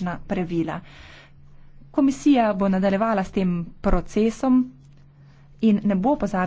etična pravila. Komisija bo nadaljevala s tem procesom in ne bo pozabila,